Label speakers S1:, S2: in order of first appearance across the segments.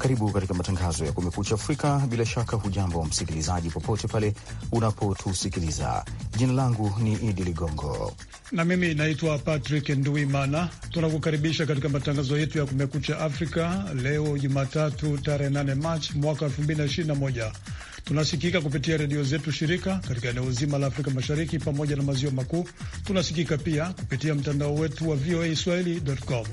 S1: Karibu katika matangazo ya Kumekucha Afrika. Bila shaka, hujambo msikilizaji, popote pale unapotusikiliza. Jina langu ni Idi Ligongo
S2: na mimi naitwa Patrick Nduimana. Tunakukaribisha katika matangazo yetu ya Kumekucha Afrika leo Jumatatu, tarehe 8 Machi mwaka 2021. Tunasikika kupitia redio zetu shirika katika eneo zima la Afrika Mashariki pamoja na maziwa makuu. Tunasikika pia kupitia mtandao wetu wa voa swahili.com.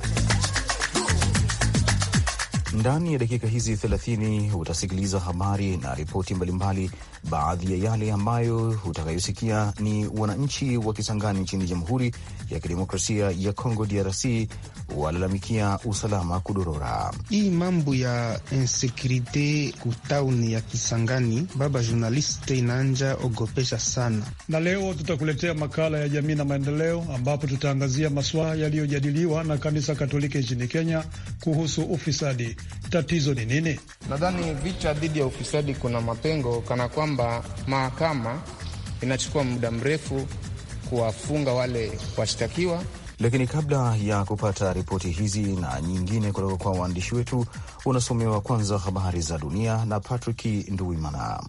S1: Ndani ya dakika hizi 30 utasikiliza habari na ripoti mbalimbali. Baadhi ya yale ambayo utakayosikia ni wananchi wa Kisangani nchini Jamhuri ya Kidemokrasia ya Kongo, DRC, walalamikia usalama kudorora.
S3: Hii mambo ya insekurite kutauni ya Kisangani, baba jurnaliste, inaanja ogopesha sana.
S2: Na leo tutakuletea makala ya jamii na maendeleo, ambapo tutaangazia masuala yaliyojadiliwa na kanisa Katoliki nchini Kenya kuhusu ufisadi. Tatizo ni nini?
S3: Nadhani vita dhidi ya ufisadi kuna mapengo, kana kwamba mahakama inachukua muda mrefu kuwafunga wale washtakiwa.
S1: Lakini kabla ya kupata ripoti hizi na nyingine kutoka kwa waandishi wetu, unasomewa kwanza habari za dunia na Patrick Nduwimana.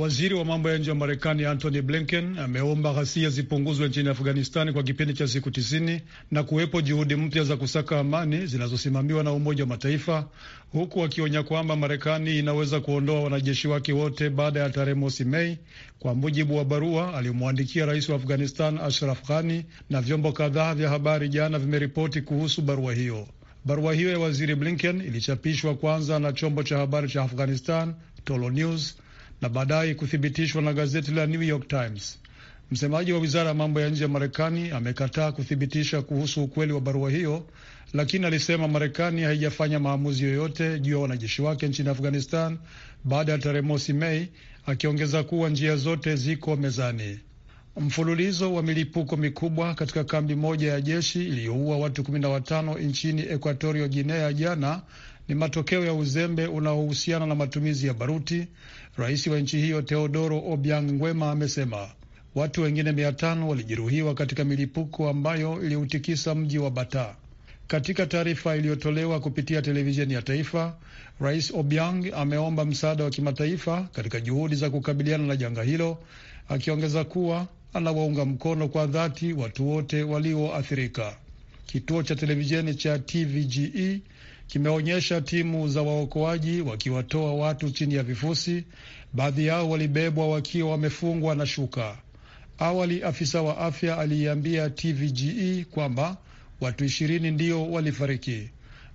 S2: Waziri wa mambo ya nje wa Marekani Antony Blinken ameomba ghasia zipunguzwe nchini Afghanistani kwa kipindi cha siku tisini na kuwepo juhudi mpya za kusaka amani zinazosimamiwa na Umoja wa Mataifa, huku akionya kwamba Marekani inaweza kuondoa wanajeshi wake wote baada ya tarehe mosi Mei, kwa mujibu wa barua aliyomwandikia rais wa Afghanistan Ashraf Ghani, na vyombo kadhaa vya habari jana vimeripoti kuhusu barua hiyo. Barua hiyo ya waziri Blinken ilichapishwa kwanza na chombo cha habari cha Afghanistan Tolo News na baadaye kuthibitishwa na gazeti la New York Times. Msemaji wa wizara ya mambo ya nje ya Marekani amekataa kuthibitisha kuhusu ukweli wa barua hiyo, lakini alisema Marekani haijafanya maamuzi yoyote juu ya wanajeshi wake nchini Afghanistan baada ya tarehe mosi Mei, akiongeza kuwa njia zote ziko mezani. Mfululizo wa milipuko mikubwa katika kambi moja ya jeshi iliyoua watu 15 nchini Equatorio Guinea jana ni matokeo ya uzembe unaohusiana na matumizi ya baruti, rais wa nchi hiyo Teodoro Obiang Nguema amesema. Watu wengine mia tano walijeruhiwa katika milipuko ambayo iliutikisa mji wa Bata. Katika taarifa iliyotolewa kupitia televisheni ya taifa, rais Obiang ameomba msaada wa kimataifa katika juhudi za kukabiliana na janga hilo, akiongeza kuwa anawaunga mkono kwa dhati watu wote walioathirika. Kituo cha televisheni cha TVGE kimeonyesha timu za waokoaji wakiwatoa watu chini ya vifusi. Baadhi yao walibebwa wakiwa wamefungwa na shuka. Awali afisa wa afya aliiambia TVGE kwamba watu ishirini ndio walifariki.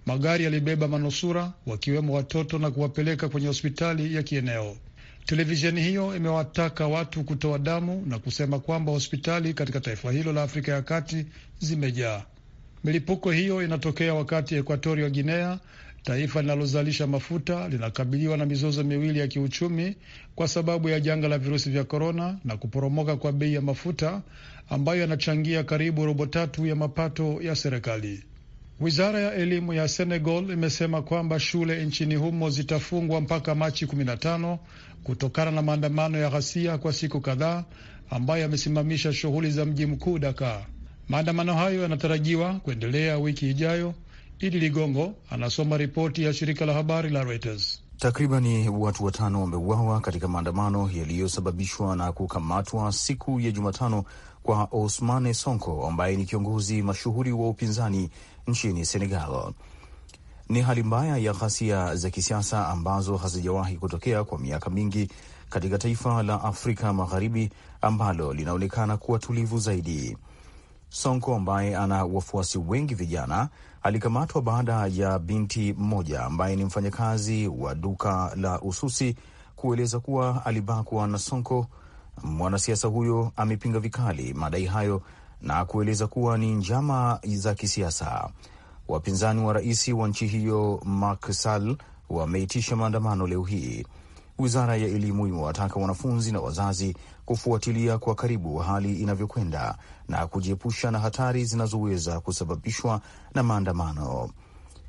S2: Magari yalibeba manusura wakiwemo watoto na kuwapeleka kwenye hospitali ya kieneo. Televisheni hiyo imewataka watu kutoa damu na kusema kwamba hospitali katika taifa hilo la Afrika ya Kati zimejaa. Milipuko hiyo inatokea wakati Ekuatoria Guinea, taifa linalozalisha mafuta, linakabiliwa na mizozo miwili ya kiuchumi kwa sababu ya janga la virusi vya korona na kuporomoka kwa bei ya mafuta ambayo yanachangia karibu robo tatu ya mapato ya serikali. Wizara ya elimu ya Senegal imesema kwamba shule nchini humo zitafungwa mpaka Machi 15 kutokana na maandamano ya ghasia kwa siku kadhaa ambayo yamesimamisha shughuli za mji mkuu Dakar. Maandamano hayo yanatarajiwa kuendelea wiki ijayo. Idi Ligongo anasoma ripoti ya shirika la habari la Reuters.
S1: Takribani watu watano wameuawa katika maandamano yaliyosababishwa na kukamatwa siku ya Jumatano kwa Ousmane Sonko ambaye ni kiongozi mashuhuri wa upinzani nchini Senegal. Ni hali mbaya ya ghasia za kisiasa ambazo hazijawahi kutokea kwa miaka mingi katika taifa la Afrika Magharibi ambalo linaonekana kuwa tulivu zaidi. Sonko ambaye ana wafuasi wengi vijana alikamatwa baada ya binti mmoja ambaye ni mfanyakazi wa duka la ususi kueleza kuwa alibakwa na Sonko. Mwanasiasa huyo amepinga vikali madai hayo na kueleza kuwa ni njama za kisiasa. Wapinzani wa rais wa nchi hiyo Macky Sall wameitisha maandamano leo hii Wizara ya Elimu imewataka wanafunzi na wazazi kufuatilia kwa karibu hali inavyokwenda na kujiepusha na hatari zinazoweza kusababishwa na maandamano.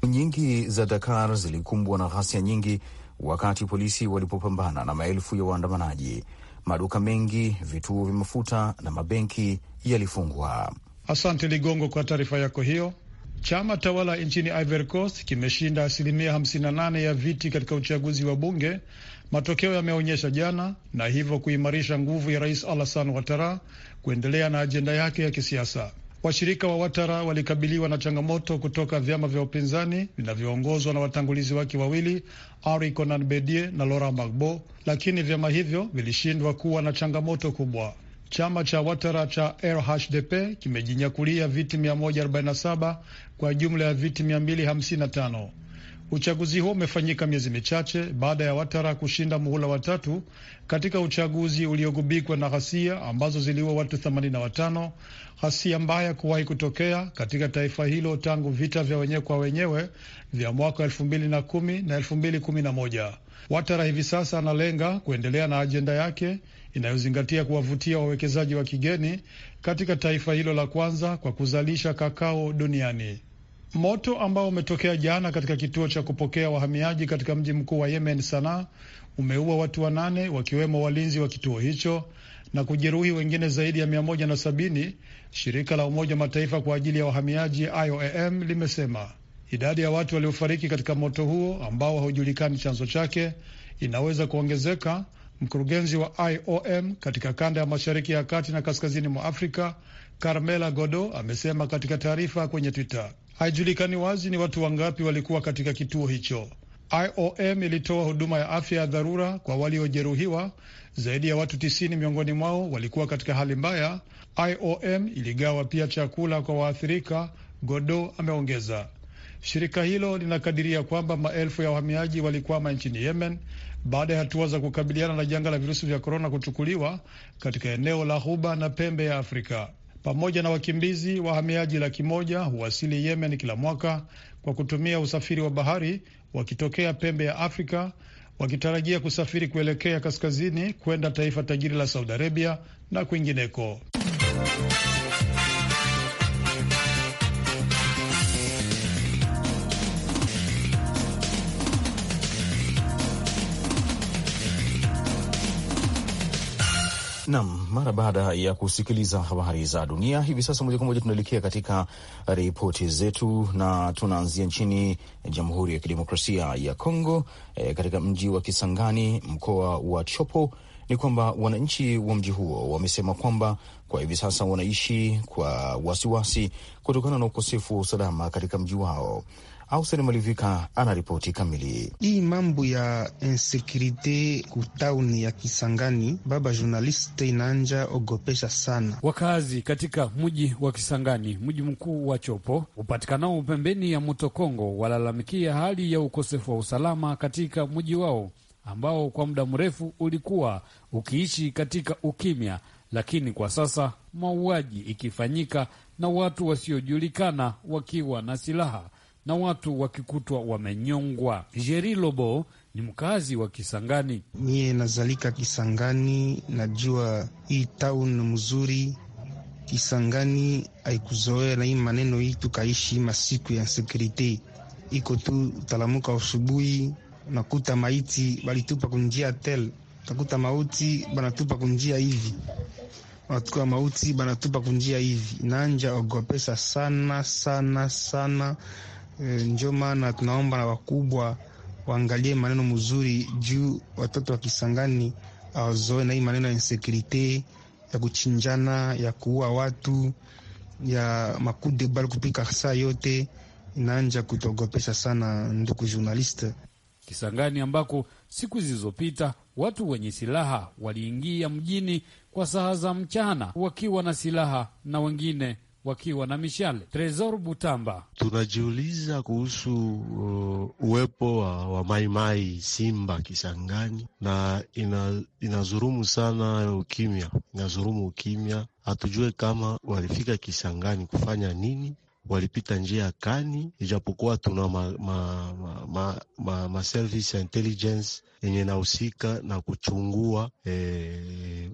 S1: Nyingi za Dakar zilikumbwa na ghasia nyingi wakati polisi walipopambana na maelfu ya waandamanaji. Maduka mengi,
S2: vituo vya mafuta na mabenki yalifungwa. Asante Ligongo kwa taarifa yako hiyo. Chama tawala nchini Ivory Coast kimeshinda asilimia 58 ya viti katika uchaguzi wa bunge matokeo yameonyesha jana, na hivyo kuimarisha nguvu ya Rais Alassane Ouattara kuendelea na ajenda yake ya kisiasa. Washirika wa Ouattara walikabiliwa na changamoto kutoka vyama vya upinzani vinavyoongozwa na watangulizi wake wawili Henri Konan Bedie na Laurent Gbagbo, lakini vyama hivyo vilishindwa kuwa na changamoto kubwa. Chama cha watara cha RHDP kimejinyakulia viti 147 kwa jumla ya viti 255. Uchaguzi huo umefanyika miezi michache baada ya Watara kushinda muhula watatu katika uchaguzi uliogubikwa na ghasia ambazo ziliua watu 85, ghasia mbaya kuwahi kutokea katika taifa hilo tangu vita vya wenyewe kwa wenyewe vya mwaka 2010 na 2011. Watara hivi sasa analenga kuendelea na ajenda yake inayozingatia kuwavutia wawekezaji wa kigeni katika taifa hilo la kwanza kwa kuzalisha kakao duniani. Moto ambao umetokea jana katika kituo cha kupokea wahamiaji katika mji mkuu wa Yemen, Sanaa, umeua watu wanane wakiwemo walinzi wa kituo hicho na kujeruhi wengine zaidi ya 170 Shirika la Umoja Mataifa kwa ajili ya wahamiaji IOM limesema idadi ya watu waliofariki katika moto huo ambao haujulikani chanzo chake inaweza kuongezeka. Mkurugenzi wa IOM katika kanda ya mashariki ya kati na kaskazini mwa Afrika, Carmela Godo, amesema katika taarifa kwenye Twitter. Haijulikani wazi ni watu wangapi walikuwa katika kituo hicho. IOM ilitoa huduma ya afya ya dharura kwa waliojeruhiwa. Zaidi ya watu tisini miongoni mwao walikuwa katika hali mbaya. IOM iligawa pia chakula kwa waathirika, Godo ameongeza. Shirika hilo linakadiria kwamba maelfu ya wahamiaji walikwama nchini Yemen baada ya hatua za kukabiliana na janga la virusi vya korona kuchukuliwa katika eneo la Ghuba na pembe ya Afrika pamoja na wakimbizi wahamiaji laki moja huwasili Yemen kila mwaka kwa kutumia usafiri wa bahari wakitokea pembe ya Afrika wakitarajia kusafiri kuelekea kaskazini kwenda taifa tajiri la Saudi Arabia na kwingineko.
S1: Nam, mara baada ya kusikiliza habari za dunia hivi sasa, moja kwa moja tunaelekea katika ripoti zetu, na tunaanzia nchini Jamhuri ya Kidemokrasia ya Kongo. E, katika mji wa Kisangani, mkoa wa Chopo, ni kwamba wananchi wa mji huo wamesema kwamba kwa hivi sasa wanaishi kwa wasiwasi kutokana na ukosefu wa usalama katika mji wao. Ausen Malivika anaripoti kamili.
S3: Hii mambo ya insekurite kutauni ya Kisangani, baba journaliste,
S4: inaanja ogopesha sana wakazi katika mji wa Kisangani, mji mkuu wa Chopo upatikanao pembeni ya mto Kongo, walalamikia hali ya ukosefu wa usalama katika mji wao ambao kwa muda mrefu ulikuwa ukiishi katika ukimya, lakini kwa sasa mauaji ikifanyika na watu wasiojulikana wakiwa na silaha na watu wakikutwa wamenyongwa. Jeri Lobo ni mkazi wa Kisangani. Mie nazalika Kisangani, najua
S3: hii town mzuri Kisangani haikuzoea na hii maneno hii, tukaishi masiku ya sekurite iko tu, utalamuka asubuhi nakuta maiti balitupa kunjia tel, utakuta mauti banatupa kunjia hivi, wanatuka mauti banatupa kunjia hivi, nanja ogopesa sana sana sana E, ndio maana tunaomba na wakubwa waangalie maneno mzuri juu watoto wa Kisangani awazoe na hii maneno ya insekurite ya kuchinjana ya kuua watu ya makude bali kupika saa yote inaanja kutogopesha sana, ndugu journalist.
S4: Kisangani ambako siku zilizopita watu wenye silaha waliingia mjini kwa saa za mchana wakiwa na silaha na wengine wakiwa na mishale. Tresor Butamba:
S5: tunajiuliza kuhusu uh, uwepo wa, wa maimai simba
S4: Kisangani
S5: na ina, inazurumu sana ukimya, inazurumu ukimya. Hatujue kama walifika Kisangani kufanya nini walipita njia ya kani, ijapokuwa tuna ma, ma, ma, ma, ma service intelligence yenye inahusika na kuchungua e,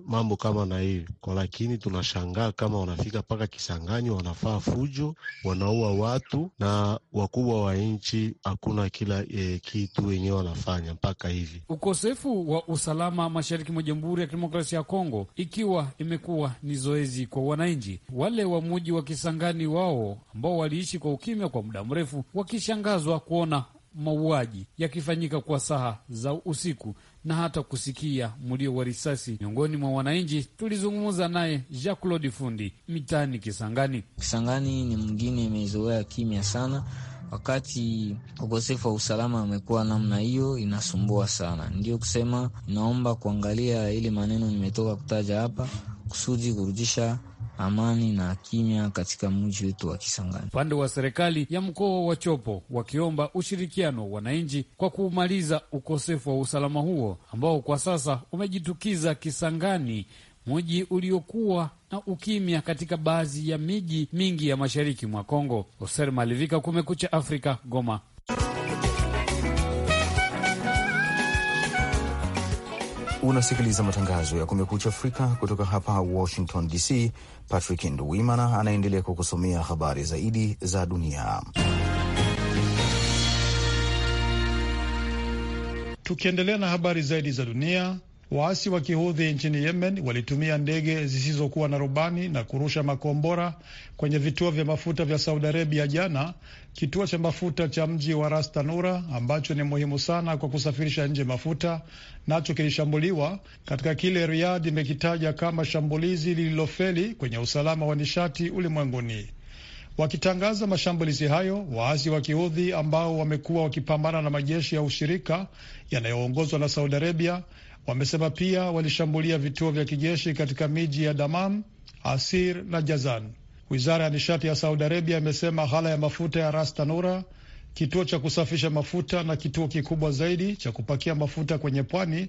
S5: mambo kama na hiyo kwa, lakini tunashangaa kama wanafika mpaka Kisangani, wanafaa fujo, wanaua watu na wakubwa wa nchi, hakuna kila e, kitu wenyewe wanafanya
S3: mpaka hivi.
S4: Ukosefu wa usalama mashariki mwa Jamhuri ya Kidemokrasia ya Kongo ikiwa imekuwa ni zoezi kwa wananchi wale wa muji wa Kisangani, wao ambao waliishi kwa ukimya kwa muda mrefu, wakishangazwa kuona mauaji yakifanyika kwa saha za usiku na hata kusikia mlio wa risasi miongoni mwa wananchi. Tulizungumza naye Jean Claude Fundi mitaani Kisangani. Kisangani ni mwingine imezoea kimya sana wakati ukosefu wa usalama amekuwa namna hiyo, inasumbua sana. Ndio kusema naomba kuangalia ile maneno nimetoka kutaja hapa kusudi kurudisha amani na kimya katika mji wetu wa Kisangani. Upande wa serikali ya mkoa wa Chopo wakiomba ushirikiano wananchi kwa kumaliza ukosefu wa usalama huo ambao kwa sasa umejitukiza Kisangani, mji uliokuwa na ukimya katika baadhi ya miji mingi ya mashariki mwa Kongo. Hoser Malivika, Kumekucha Afrika, Goma.
S1: Unasikiliza matangazo ya Kumekucha Afrika kutoka hapa Washington DC. Patrick Nduwimana anaendelea kukusomea habari zaidi za dunia.
S2: Tukiendelea na habari zaidi za dunia, Waasi wa kihudhi nchini Yemen walitumia ndege zisizokuwa na rubani na kurusha makombora kwenye vituo vya mafuta vya Saudi Arabia jana, kituo cha mafuta cha mji wa Ras Tanura ambacho ni muhimu sana kwa kusafirisha nje mafuta nacho kilishambuliwa katika kile Riyadh imekitaja kama shambulizi lililofeli kwenye usalama wa nishati ulimwenguni. Wakitangaza mashambulizi hayo, waasi wa kiudhi ambao wamekuwa wakipambana na majeshi ya ushirika yanayoongozwa na Saudi Arabia Wamesema pia walishambulia vituo vya kijeshi katika miji ya Damam, Asir na Jazan. Wizara ya nishati ya Saudi Arabia imesema hala ya mafuta ya Ras Tanura, kituo cha kusafisha mafuta na kituo kikubwa zaidi cha kupakia mafuta kwenye pwani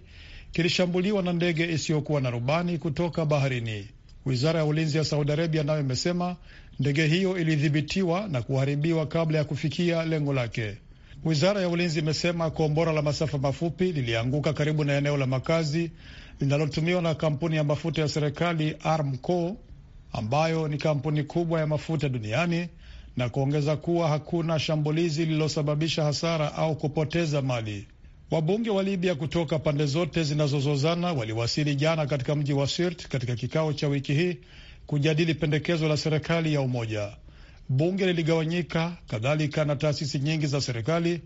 S2: kilishambuliwa na ndege isiyokuwa na rubani kutoka baharini. Wizara ya ulinzi ya Saudi Arabia nayo imesema ndege hiyo ilidhibitiwa na kuharibiwa kabla ya kufikia lengo lake. Wizara ya ulinzi imesema kombora la masafa mafupi lilianguka karibu na eneo la makazi linalotumiwa na kampuni ya mafuta ya serikali Aramco, ambayo ni kampuni kubwa ya mafuta duniani, na kuongeza kuwa hakuna shambulizi lililosababisha hasara au kupoteza mali. Wabunge wa Libya kutoka pande zote zinazozozana waliwasili jana katika mji wa Sirt katika kikao cha wiki hii kujadili pendekezo la serikali ya umoja bunge liligawanyika, kadhalika na taasisi nyingi za serikali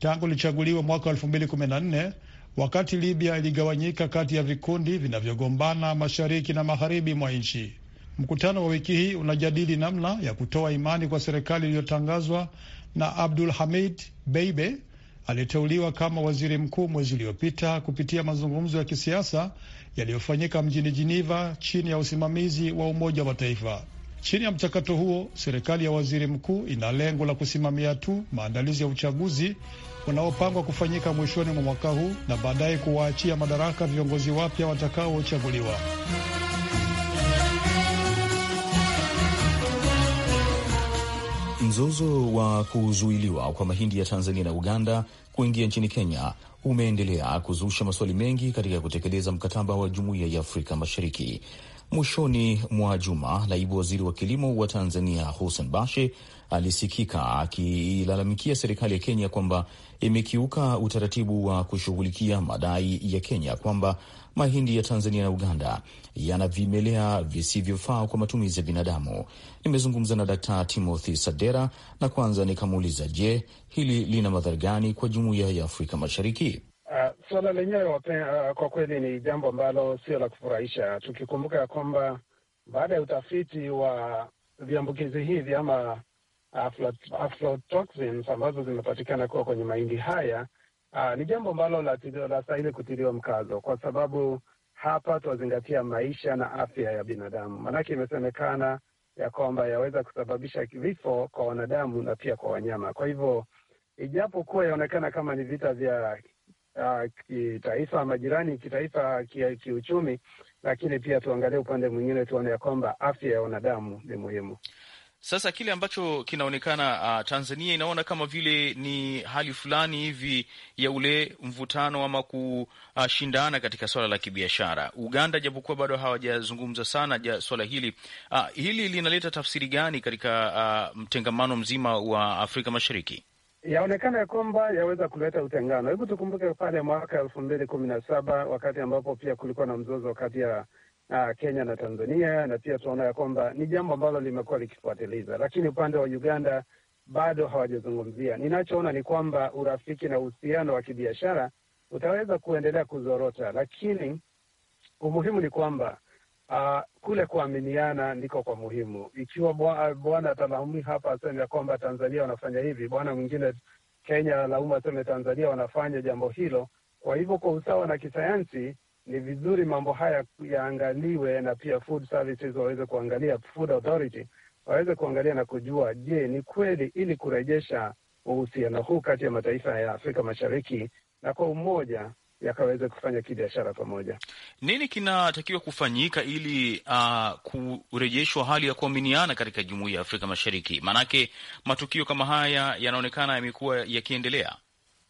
S2: tangu ilichaguliwa mwaka 2014 wakati Libya iligawanyika kati ya vikundi vinavyogombana mashariki na magharibi mwa nchi. Mkutano wa wiki hii unajadili namna ya kutoa imani kwa serikali iliyotangazwa na Abdul Hamid Beibe aliyeteuliwa kama waziri mkuu mwezi uliopita kupitia mazungumzo ya kisiasa yaliyofanyika mjini Jiniva chini ya usimamizi wa Umoja wa Mataifa. Chini ya mchakato huo, serikali ya waziri mkuu ina lengo la kusimamia tu maandalizi ya uchaguzi unaopangwa kufanyika mwishoni mwa mwaka huu na baadaye kuwaachia madaraka viongozi wapya watakaochaguliwa.
S1: Mzozo wa kuzuiliwa kwa mahindi ya Tanzania na Uganda kuingia nchini Kenya umeendelea kuzusha maswali mengi katika kutekeleza mkataba wa Jumuiya ya Afrika Mashariki. Mwishoni mwa juma, naibu waziri wa kilimo wa Tanzania Hussein Bashe alisikika akilalamikia serikali ya Kenya kwamba imekiuka utaratibu wa kushughulikia madai ya Kenya kwamba mahindi ya Tanzania na Uganda yana vimelea visivyofaa kwa matumizi ya binadamu. Nimezungumza na dkt Timothy Sadera na kwanza nikamuuliza, je, hili lina madhara gani kwa jumuiya ya Afrika Mashariki?
S6: Uh, suala lenyewe uh, kwa kweli ni jambo ambalo sio la kufurahisha, tukikumbuka ya kwamba baada ya utafiti wa viambukizi hivi ama uh, aflatoxins ambazo zimepatikana kuwa kwenye mahindi haya, uh, ni jambo ambalo lastahili kutiliwa mkazo, kwa sababu hapa twazingatia maisha na afya ya binadamu, maanake imesemekana ya kwamba yaweza kusababisha vifo kwa wanadamu na pia kwa wanyama. Kwa hivyo ijapokuwa yaonekana kama ni vita vya uh, kitaifa, majirani kitaifa, kiuchumi, lakini pia tuangalie upande mwingine, tuone ya kwamba afya ya wanadamu ni muhimu.
S1: Sasa kile ambacho kinaonekana uh, Tanzania inaona kama vile ni hali fulani hivi ya ule mvutano ama kushindana uh, katika swala la kibiashara. Uganda japokuwa bado hawajazungumza sana ja swala hili uh, hili linaleta tafsiri gani katika uh, mtengamano mzima wa Afrika Mashariki?
S6: yaonekana ya kwamba yaweza kuleta utengano. Hebu tukumbuke pale mwaka elfu mbili kumi na saba wakati ambapo pia kulikuwa na mzozo kati ya uh, Kenya na Tanzania, na pia tunaona ya kwamba ni jambo ambalo limekuwa likifuatiliza, lakini upande wa Uganda bado hawajazungumzia. Ninachoona ni kwamba urafiki na uhusiano wa kibiashara utaweza kuendelea kuzorota, lakini umuhimu ni kwamba Uh, kule kuaminiana ndiko kwa muhimu. Ikiwa bwana atalaumu hapa aseme ya kwamba Tanzania wanafanya hivi, bwana mwingine Kenya analaumu aseme Tanzania wanafanya jambo hilo. Kwa hivyo kwa usawa na kisayansi, ni vizuri mambo haya yaangaliwe, na pia food services waweze kuangalia, food authority waweze kuangalia na kujua, je, ni kweli, ili kurejesha uhusiano huu kati ya mataifa ya Afrika Mashariki na kwa umoja yakaweza kufanya kibiashara pamoja.
S1: Nini kinatakiwa kufanyika ili uh, kurejeshwa hali ya kuaminiana katika jumuiya ya Afrika Mashariki? Maanake matukio kama haya yanaonekana yamekuwa yakiendelea.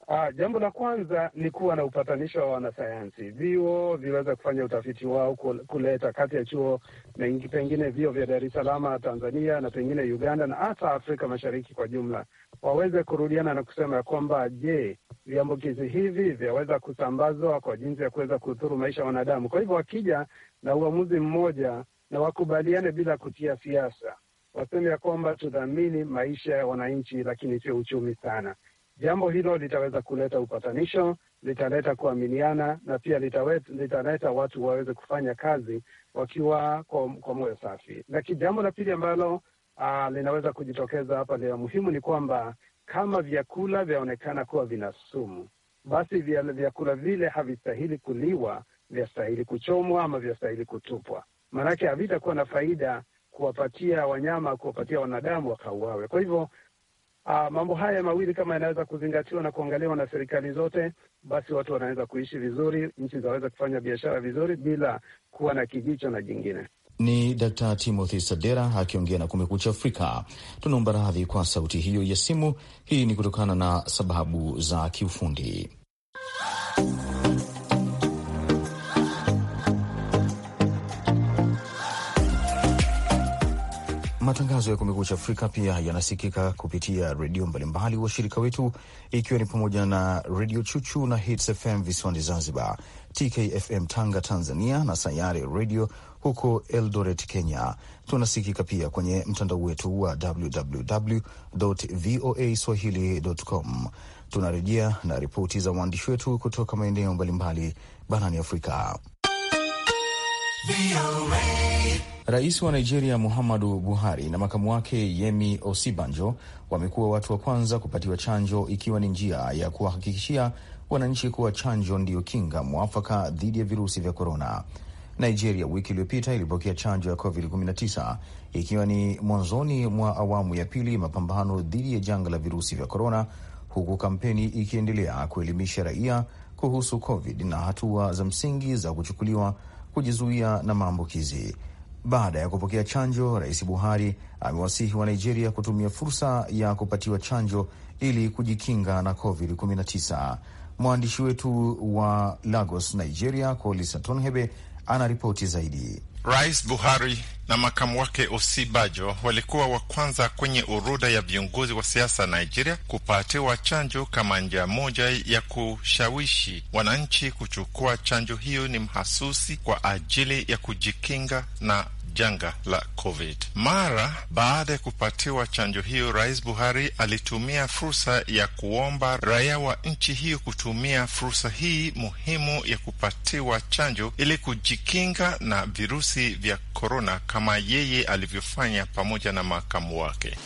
S6: Uh, jambo la kwanza ni kuwa na upatanisho wa wanasayansi, vyuo viweze kufanya utafiti wao kuleta kati ya chuo mengi, pengine vyuo vya Dar es Salaam Tanzania na pengine Uganda na hata Afrika Mashariki kwa jumla, waweze kurudiana na kusema ya kwamba je, viambukizi hivi vyaweza kusambazwa kwa jinsi ya kuweza kudhuru maisha ya wanadamu. Kwa hivyo wakija na uamuzi mmoja na wakubaliane bila kutia siasa, waseme ya kwamba tudhamini maisha ya wananchi, lakini sio uchumi sana Jambo hilo litaweza kuleta upatanisho, litaleta kuaminiana na pia litaleta watu waweze kufanya kazi wakiwa kwa, kwa moyo safi. Lakini jambo la pili ambalo uh, linaweza kujitokeza hapa la muhimu ni kwamba kama vyakula vyaonekana kuwa vina sumu, basi vyakula vile havistahili kuliwa, vyastahili kuchomwa ama vyastahili kutupwa, maanake havitakuwa na faida kuwapatia wanyama, kuwapatia wanadamu wakauawe. Kwa hivyo Uh, mambo haya mawili kama yanaweza kuzingatiwa na kuangaliwa na serikali zote, basi watu wanaweza kuishi vizuri, nchi zaweza kufanya biashara vizuri bila kuwa na kijicho na jingine.
S1: Ni Dkt. Timothy Sadera akiongea na Kumekucha Afrika. Tunaomba radhi kwa sauti hiyo ya simu. Hii ni kutokana na sababu za kiufundi. Matangazo ya Kumekucha Afrika pia yanasikika kupitia redio mbalimbali washirika wetu, ikiwa ni pamoja na Redio Chuchu na Hits FM visiwani Zanzibar, TKFM Tanga Tanzania, na Sayare Redio huko Eldoret, Kenya. Tunasikika pia kwenye mtandao wetu wa www voa swahili.com. Tunarejea na ripoti za waandishi wetu kutoka maeneo mbalimbali barani Afrika. Rais wa Nigeria Muhammadu Buhari na makamu wake Yemi Osibanjo wamekuwa watu wa kwanza kupatiwa chanjo ikiwa ni njia ya kuwahakikishia wananchi kuwa chanjo ndiyo kinga mwafaka dhidi ya virusi vya korona. Nigeria wiki iliyopita ilipokea chanjo ya COVID-19 ikiwa ni mwanzoni mwa awamu ya pili mapambano dhidi ya janga la virusi vya korona, huku kampeni ikiendelea kuelimisha raia kuhusu COVID na hatua za msingi za kuchukuliwa kujizuia na maambukizi. Baada ya kupokea chanjo, Rais Buhari amewasihi wa Nigeria kutumia fursa ya kupatiwa chanjo ili kujikinga na COVID-19. Mwandishi wetu wa Lagos, Nigeria, Colisa Tonhebe anaripoti zaidi.
S7: Rais Buhari na makamu wake Osibajo walikuwa wa kwanza kwenye orodha ya viongozi wa siasa Nigeria kupatiwa chanjo kama njia moja ya kushawishi wananchi kuchukua chanjo hiyo. Ni mhasusi kwa ajili ya kujikinga na janga la COVID. Mara baada ya kupatiwa chanjo hiyo, Rais Buhari alitumia fursa ya kuomba raia wa nchi hiyo kutumia fursa hii muhimu ya kupatiwa chanjo ili kujikinga na virusi vya korona, kama yeye alivyofanya pamoja na makamu wake.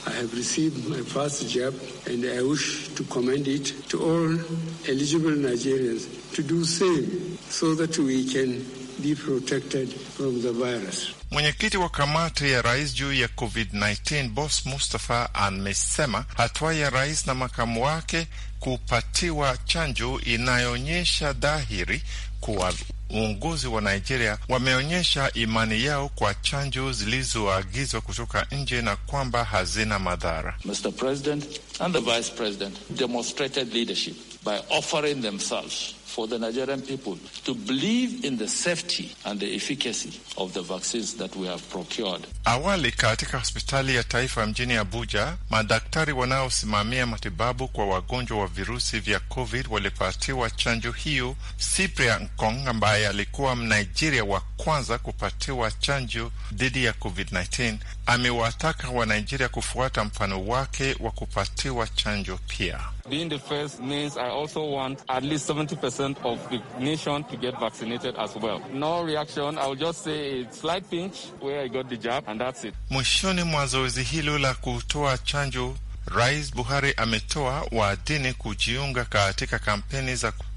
S6: So that we can be protected from the virus.
S7: Mwenyekiti wa kamati ya rais juu ya COVID-19 Bos Mustafa amesema hatua ya rais na makamu wake kupatiwa chanjo inayoonyesha dhahiri kuwa uongozi wa Nigeria wameonyesha imani yao kwa chanjo zilizoagizwa kutoka nje na kwamba hazina madhara. Mr.
S4: President and the Vice President demonstrated leadership by offering themselves for the Nigerian people to believe in the safety and the efficacy of the vaccines that we have procured.
S7: Awali katika hospitali ya taifa mjini Abuja, madaktari wanaosimamia matibabu kwa wagonjwa wa virusi vya COVID walipatiwa chanjo hiyo. Cyprian Nkong ambaye alikuwa Mnigeria wa kwanza kupatiwa chanjo dhidi ya COVID-19 amewataka Wanigeria kufuata mfano wake wa kupatiwa chanjo pia.
S4: Being the first means I also want at least 70% of the nation to get vaccinated as well. No reaction, I will just say a slight pinch where I got the jab and that's it.
S7: Mwishoni mwa zoezi hilo la kutoa chanjo, Rais Buhari ametoa wa dini kujiunga katika kampeni za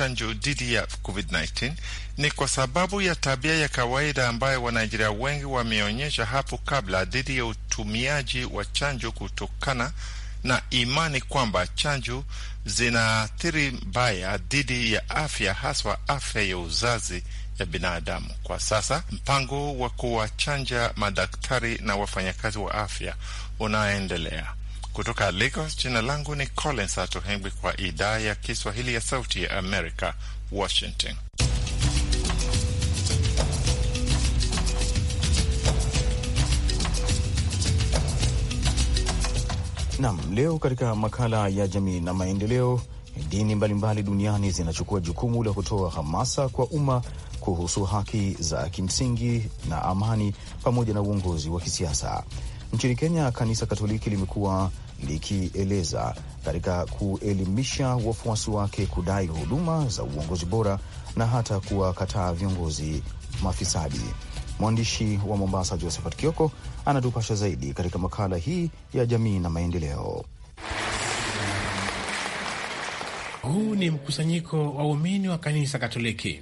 S7: chanjo dhidi ya COVID-19 ni kwa sababu ya tabia ya kawaida ambayo Wanaijeria wengi wameonyesha hapo kabla dhidi ya utumiaji wa chanjo kutokana na imani kwamba chanjo zinaathiri mbaya dhidi ya afya, haswa afya ya uzazi ya binadamu. Kwa sasa mpango wa kuwachanja madaktari na wafanyakazi wa afya unaendelea kutoka Lagos. Jina langu ni Collins Ato kwa idhaa ya Kiswahili ya Sauti ya Amerika, Washington.
S1: Nam, leo katika makala ya jamii na maendeleo, dini mbalimbali duniani zinachukua jukumu la kutoa hamasa kwa umma kuhusu haki za kimsingi na amani pamoja na uongozi wa kisiasa. Nchini Kenya, kanisa Katoliki limekuwa likieleza katika kuelimisha wafuasi wake kudai huduma za uongozi bora na hata kuwakataa viongozi mafisadi. Mwandishi wa Mombasa Josephat Kioko anatupasha zaidi katika makala
S5: hii ya jamii na maendeleo. Huu ni mkusanyiko wa waumini wa kanisa Katoliki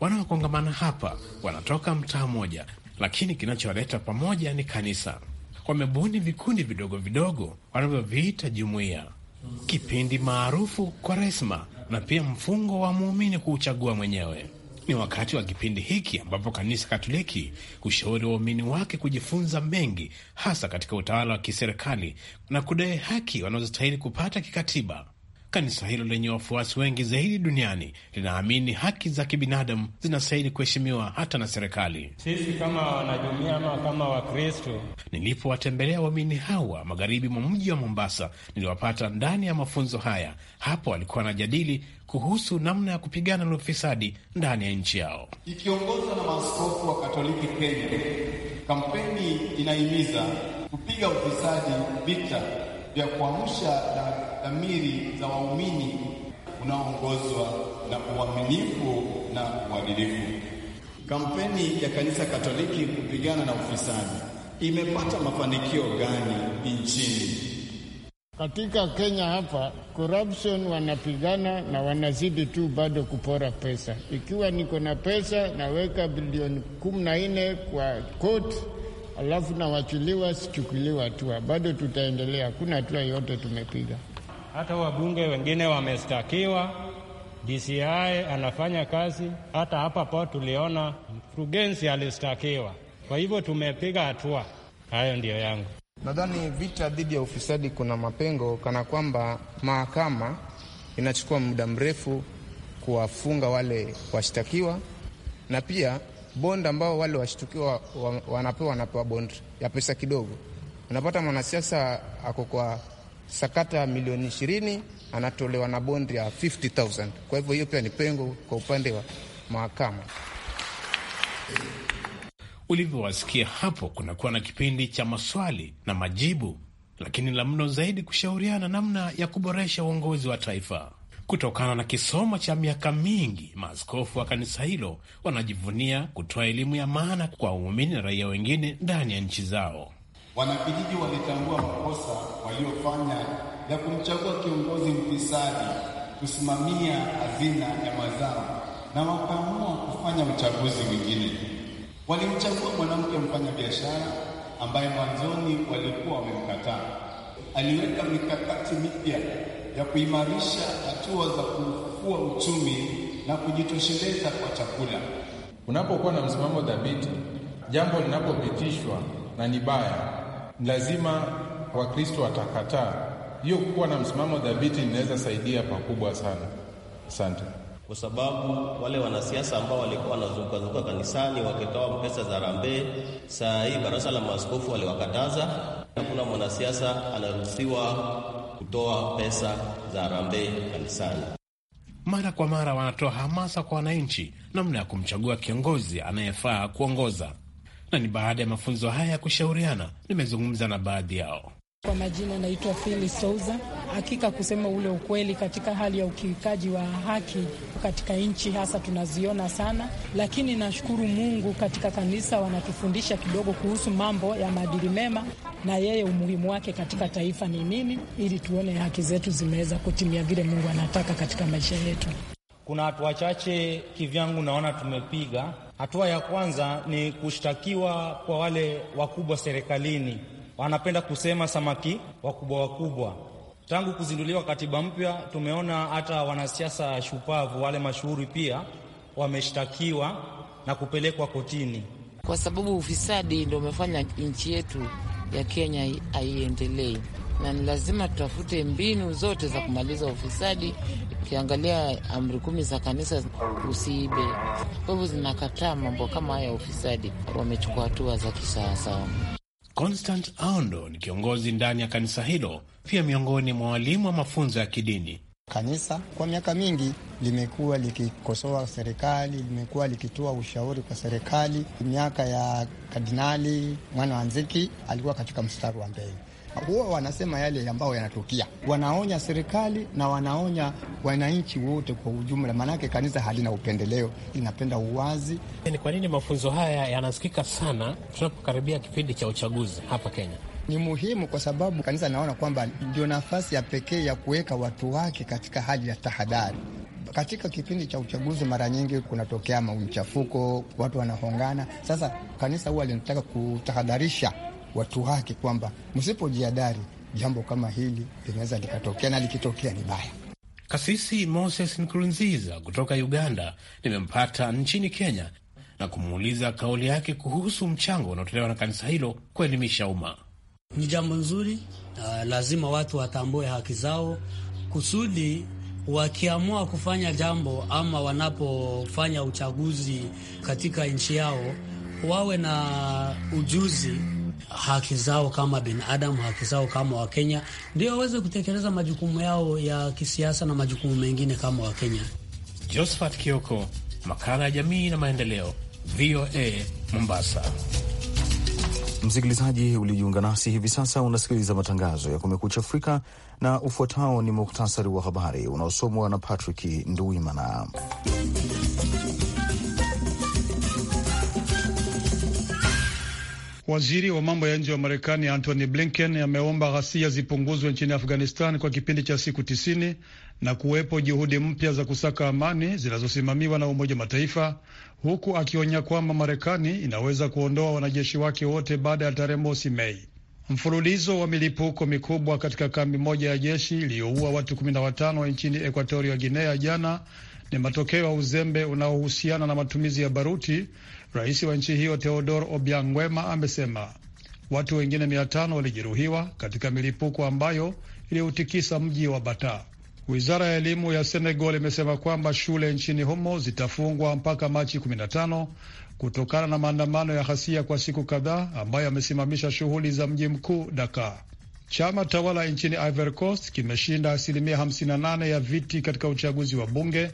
S5: wanaokongamana hapa, wanatoka mtaa mmoja, lakini kinachowaleta pamoja ni kanisa wamebuni vikundi vidogo vidogo wanavyoviita jumuiya, kipindi maarufu kwa resma na pia mfungo wa muumini kuuchagua mwenyewe. Ni wakati wa kipindi hiki ambapo kanisa Katoliki hushauri waumini wake kujifunza mengi, hasa katika utawala wa kiserikali na kudai haki wanazostahili kupata kikatiba. Kanisa hilo lenye wafuasi wengi zaidi duniani linaamini haki za kibinadamu zinastahili kuheshimiwa hata na serikali. Sisi kama wanajumuiya ama kama Wakristo, nilipowatembelea waamini hawa magharibi mwa mji wa Mombasa, niliwapata ndani ya mafunzo haya. Hapo walikuwa wanajadili kuhusu namna ya kupigana na ufisadi ndani ya nchi yao.
S2: Ikiongozwa na
S3: maaskofu wa Katoliki Kenya, kampeni inahimiza kupiga ufisadi vita vya kuamsha na dhamiri za waumini
S1: unaoongozwa na uaminifu na uadilifu. Kampeni ya kanisa Katoliki kupigana na ufisadi imepata mafanikio gani nchini?
S6: Katika Kenya hapa corruption wanapigana na wanazidi tu bado kupora pesa. Ikiwa niko na pesa naweka bilioni kumi na nne kwa court, alafu nawachiliwa, sichukuliwa hatua. Bado tutaendelea, hakuna hatua yote tumepiga
S3: hata wabunge wengine wamestakiwa.
S5: DCI anafanya kazi, hata hapa po tuliona
S3: mkurugenzi alistakiwa. Kwa hivyo tumepiga hatua. Hayo ndiyo yangu. Nadhani vita dhidi ya ufisadi kuna mapengo, kana kwamba mahakama inachukua muda mrefu kuwafunga wale washtakiwa, na pia bond ambao wale washtakiwa wanapewa, wanapewa bond ya pesa kidogo. Unapata mwanasiasa ako kwa sakata ya milioni ishirini anatolewa na bondi ya 50,000. Kwa hivyo hiyo pia ni pengo kwa upande wa mahakama.
S5: Ulivyowasikia hapo, kunakuwa na kipindi cha maswali na majibu, lakini la mno zaidi kushauriana namna ya kuboresha uongozi wa taifa. Kutokana na kisomo cha miaka mingi, maaskofu wa kanisa hilo wanajivunia kutoa elimu ya maana kwa waumini na raia wengine ndani ya nchi zao.
S3: Wanakijiji walitambua makosa waliofanya ya kumchagua kiongozi mfisadi
S1: kusimamia hazina ya mazao na wakaamua
S4: kufanya uchaguzi mwingine.
S1: Walimchagua mwanamke mfanyabiashara ambaye mwanzoni walikuwa
S5: wamemkataa. Aliweka mikakati mipya ya kuimarisha hatua za kufufua uchumi na kujitosheleza kwa chakula. Unapokuwa na msimamo dhabiti, jambo linapopitishwa na ni baya lazima Wakristo watakataa. Hiyo kuwa na msimamo dhabiti inaweza saidia pakubwa sana. Asante. Kwa sababu wale wanasiasa ambao walikuwa wanazungukazunguka kanisani
S1: wakitoa pesa za rambe, saa hii baraza la maaskofu waliwakataza. Hakuna mwanasiasa anaruhusiwa kutoa pesa za rambe kanisani.
S5: Mara kwa mara wanatoa hamasa kwa wananchi namna ya kumchagua kiongozi anayefaa kuongoza na ni baada ya mafunzo haya ya kushauriana, nimezungumza na baadhi yao. Kwa majina naitwa Fili Souza. Hakika kusema ule ukweli, katika hali ya ukiukaji wa haki katika nchi hasa tunaziona sana, lakini nashukuru Mungu katika kanisa wanatufundisha kidogo kuhusu mambo ya maadili mema na yeye umuhimu wake katika taifa ni nini, ili tuone haki zetu zimeweza kutimia vile Mungu anataka katika maisha yetu.
S1: Kuna watu wachache kivyangu naona tumepiga Hatua ya kwanza ni kushtakiwa kwa wale wakubwa serikalini, wanapenda kusema
S3: samaki wakubwa wakubwa. Tangu kuzinduliwa katiba mpya, tumeona hata wanasiasa shupavu wale mashuhuri pia wameshtakiwa na kupelekwa kotini, kwa sababu ufisadi ndio umefanya nchi yetu ya Kenya haiendelei, na ni lazima tutafute mbinu zote za kumaliza ufisadi Ukiangalia amri kumi za kanisa, usiibe, kwa hivyo zinakataa mambo kama haya ya ufisadi. Wamechukua hatua za kisawasawa.
S5: Constant Aundo ni kiongozi ndani ya kanisa hilo, pia miongoni mwa walimu wa mafunzo ya kidini.
S3: Kanisa kwa miaka mingi limekuwa likikosoa serikali, limekuwa likitoa ushauri kwa serikali. Miaka ya Kardinali Mwana wa Nziki alikuwa katika mstari wa mbele huwa wanasema yale ambayo yanatokea, wanaonya serikali na wanaonya wananchi wote kwa ujumla, maanake kanisa halina upendeleo, linapenda uwazi. Ni kwa nini
S5: mafunzo haya yanasikika sana tunapokaribia kipindi cha uchaguzi hapa Kenya?
S3: Ni muhimu kwa sababu kanisa naona kwamba ndio nafasi ya pekee ya kuweka watu wake katika hali ya tahadhari. Katika kipindi cha uchaguzi mara nyingi kunatokea mauchafuko, watu wanahongana. Sasa kanisa huwa linataka kutahadharisha watu wake kwamba msipojiadari jambo kama hili linaweza likatokea na likitokea ni baya.
S5: Kasisi Moses Nkurunziza kutoka Uganda nimempata nchini Kenya na kumuuliza kauli yake kuhusu mchango unaotolewa na kanisa hilo kuelimisha umma. Ni jambo
S4: nzuri. Uh, lazima watu watambue haki zao kusudi wakiamua kufanya jambo ama wanapofanya uchaguzi katika nchi yao wawe na ujuzi haki zao kama binadamu, haki zao kama Wakenya, ndio waweze kutekeleza majukumu yao ya kisiasa na majukumu mengine kama Wakenya.
S5: Josephat Kioko, makala ya jamii na maendeleo, VOA Mombasa.
S1: Msikilizaji ulijiunga nasi hivi sasa, unasikiliza matangazo ya Kumekucha Afrika na ufuatao ni muktasari wa habari unaosomwa na
S2: Patrick nduimana Waziri wa mambo ya nje wa Marekani Antony Blinken ameomba ghasia zipunguzwe nchini Afghanistan kwa kipindi cha siku tisini na kuwepo juhudi mpya za kusaka amani zinazosimamiwa na Umoja Mataifa, huku akionya kwamba Marekani inaweza kuondoa wanajeshi wake wote baada ya tarehe mosi Mei. Mfululizo wa milipuko mikubwa katika kambi moja ya jeshi iliyoua watu 15 nchini Ekuatoria Guinea jana ni matokeo ya uzembe unaohusiana na matumizi ya baruti Rais wa nchi hiyo teodor obiangwema amesema watu wengine mia tano walijeruhiwa katika milipuko ambayo iliyoutikisa mji wa Bata. Wizara ya elimu ya Senegal imesema kwamba shule nchini humo zitafungwa mpaka Machi 15 kutokana na maandamano ya ghasia kwa siku kadhaa ambayo yamesimamisha shughuli za mji mkuu Dakar. Chama tawala nchini Ivory Coast kimeshinda asilimia 58 ya viti katika uchaguzi wa bunge,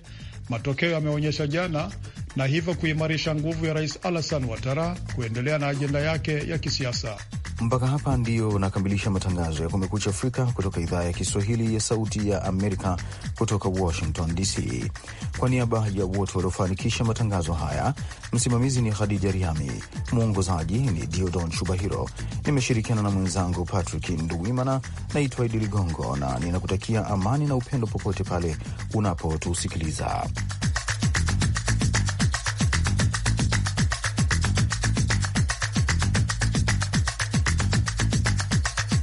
S2: matokeo yameonyesha jana, na hivyo kuimarisha nguvu ya Rais Alassane Ouattara kuendelea na ajenda yake ya kisiasa.
S1: Mpaka hapa ndiyo nakamilisha matangazo ya Kumekucha Afrika kutoka idhaa ya Kiswahili ya Sauti ya Amerika kutoka Washington DC. Kwa niaba ya wote waliofanikisha matangazo haya, msimamizi ni Khadija Riami, mwongozaji ni Diodon Shubahiro. Nimeshirikiana na mwenzangu Patrick Nduwimana. Naitwa Idi Ligongo na ninakutakia amani na upendo popote pale unapotusikiliza.